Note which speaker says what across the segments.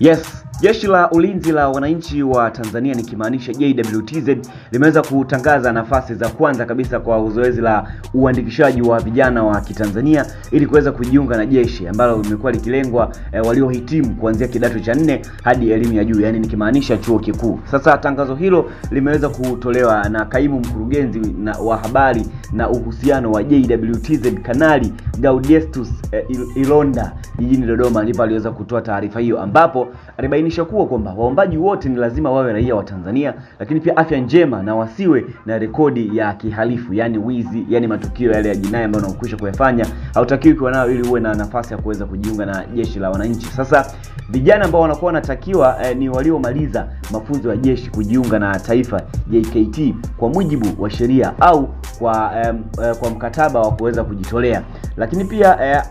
Speaker 1: Yes, Jeshi la Ulinzi la Wananchi wa Tanzania nikimaanisha JWTZ limeweza kutangaza nafasi za kwanza kabisa kwa zoezi la uandikishaji wa vijana wa Kitanzania ili kuweza kujiunga na jeshi ambalo limekuwa likilengwa e, waliohitimu kuanzia kidato cha nne hadi elimu ya juu, yani nikimaanisha chuo kikuu. Sasa tangazo hilo limeweza kutolewa na kaimu mkurugenzi na wa habari na uhusiano wa JWTZ Kanali Gaudestus e, Ilonda jijini Dodoma, ndipo aliweza kutoa taarifa hiyo ambapo alibaini kubainisha kuwa kwamba waombaji wote ni lazima wawe raia wa Tanzania, lakini pia afya njema na wasiwe na rekodi ya kihalifu, yani wizi, yani matukio yale ya jinai ambayo unakwisha kuyafanya hautakiwi kuwa nayo, ili uwe na nafasi ya kuweza kujiunga na jeshi la wananchi. Sasa vijana ambao wanakuwa wanatakiwa eh, ni waliomaliza mafunzo ya jeshi kujiunga na taifa JKT kwa mujibu wa sheria au kwa, eh, kwa mkataba wa kuweza kujitolea, lakini pia eh,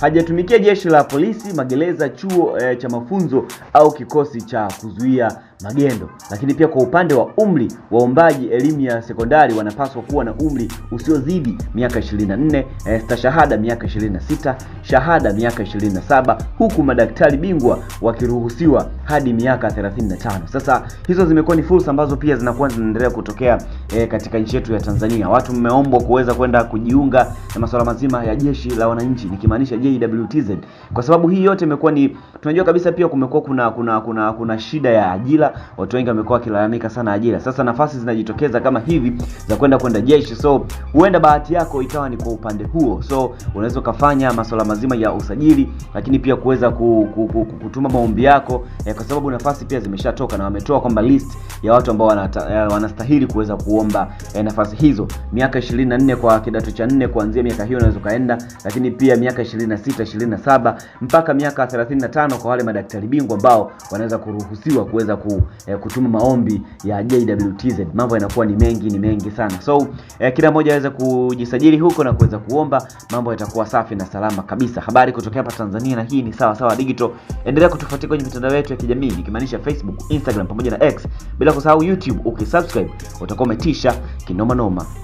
Speaker 1: hajatumikia jeshi la polisi, magereza, chuo e, cha mafunzo au kikosi cha kuzuia magendo. Lakini pia kwa upande wa umri, waombaji elimu ya sekondari wanapaswa kuwa na umri usiozidi miaka 24, eh, stashahada miaka 26, shahada miaka 27, huku madaktari bingwa wakiruhusiwa hadi miaka 35. Sasa hizo zimekuwa ni fursa ambazo pia zinakuwa zinaendelea kutokea eh, katika nchi yetu ya Tanzania. Watu mmeombwa kuweza kwenda kujiunga na masuala mazima ya jeshi la wananchi, nikimaanisha JWTZ, kwa sababu hii yote imekuwa ni tunajua kabisa pia kumekuwa kuna kuna kuna kuna shida ya ajira ajira, watu wengi wamekuwa wakilalamika sana ajira. Sasa nafasi zinajitokeza kama hivi za kwenda kwenda jeshi, so huenda bahati yako ikawa ni kwa upande huo, so unaweza ukafanya masuala mazima ya usajili, lakini pia kuweza ku, ku, ku, ku, kutuma maombi yako eh, kwa sababu nafasi pia zimeshatoka na wametoa kwamba list ya watu ambao wanastahili kuweza kuomba eh, nafasi hizo, miaka 24 kwa kidato cha nne, kuanzia miaka hiyo unaweza ukaenda, lakini pia miaka 26, 27 mpaka miaka 35 kwa wale madaktari bingwa ambao wanaweza kuruhusiwa kuweza ku eh, kutuma maombi ya JWTZ. Mambo yanakuwa ni mengi ni mengi sana, so eh, kila mmoja aweze kujisajili huko na kuweza kuomba, mambo yatakuwa safi na salama kabisa. Habari kutoka hapa Tanzania, na hii ni Sawa Sawa Digital. Endelea kutufuatilia kwenye mitandao yetu ya kijamii nikimaanisha Facebook, Instagram pamoja na X, bila kusahau YouTube. Ukisubscribe utakuwa umetisha kinoma noma.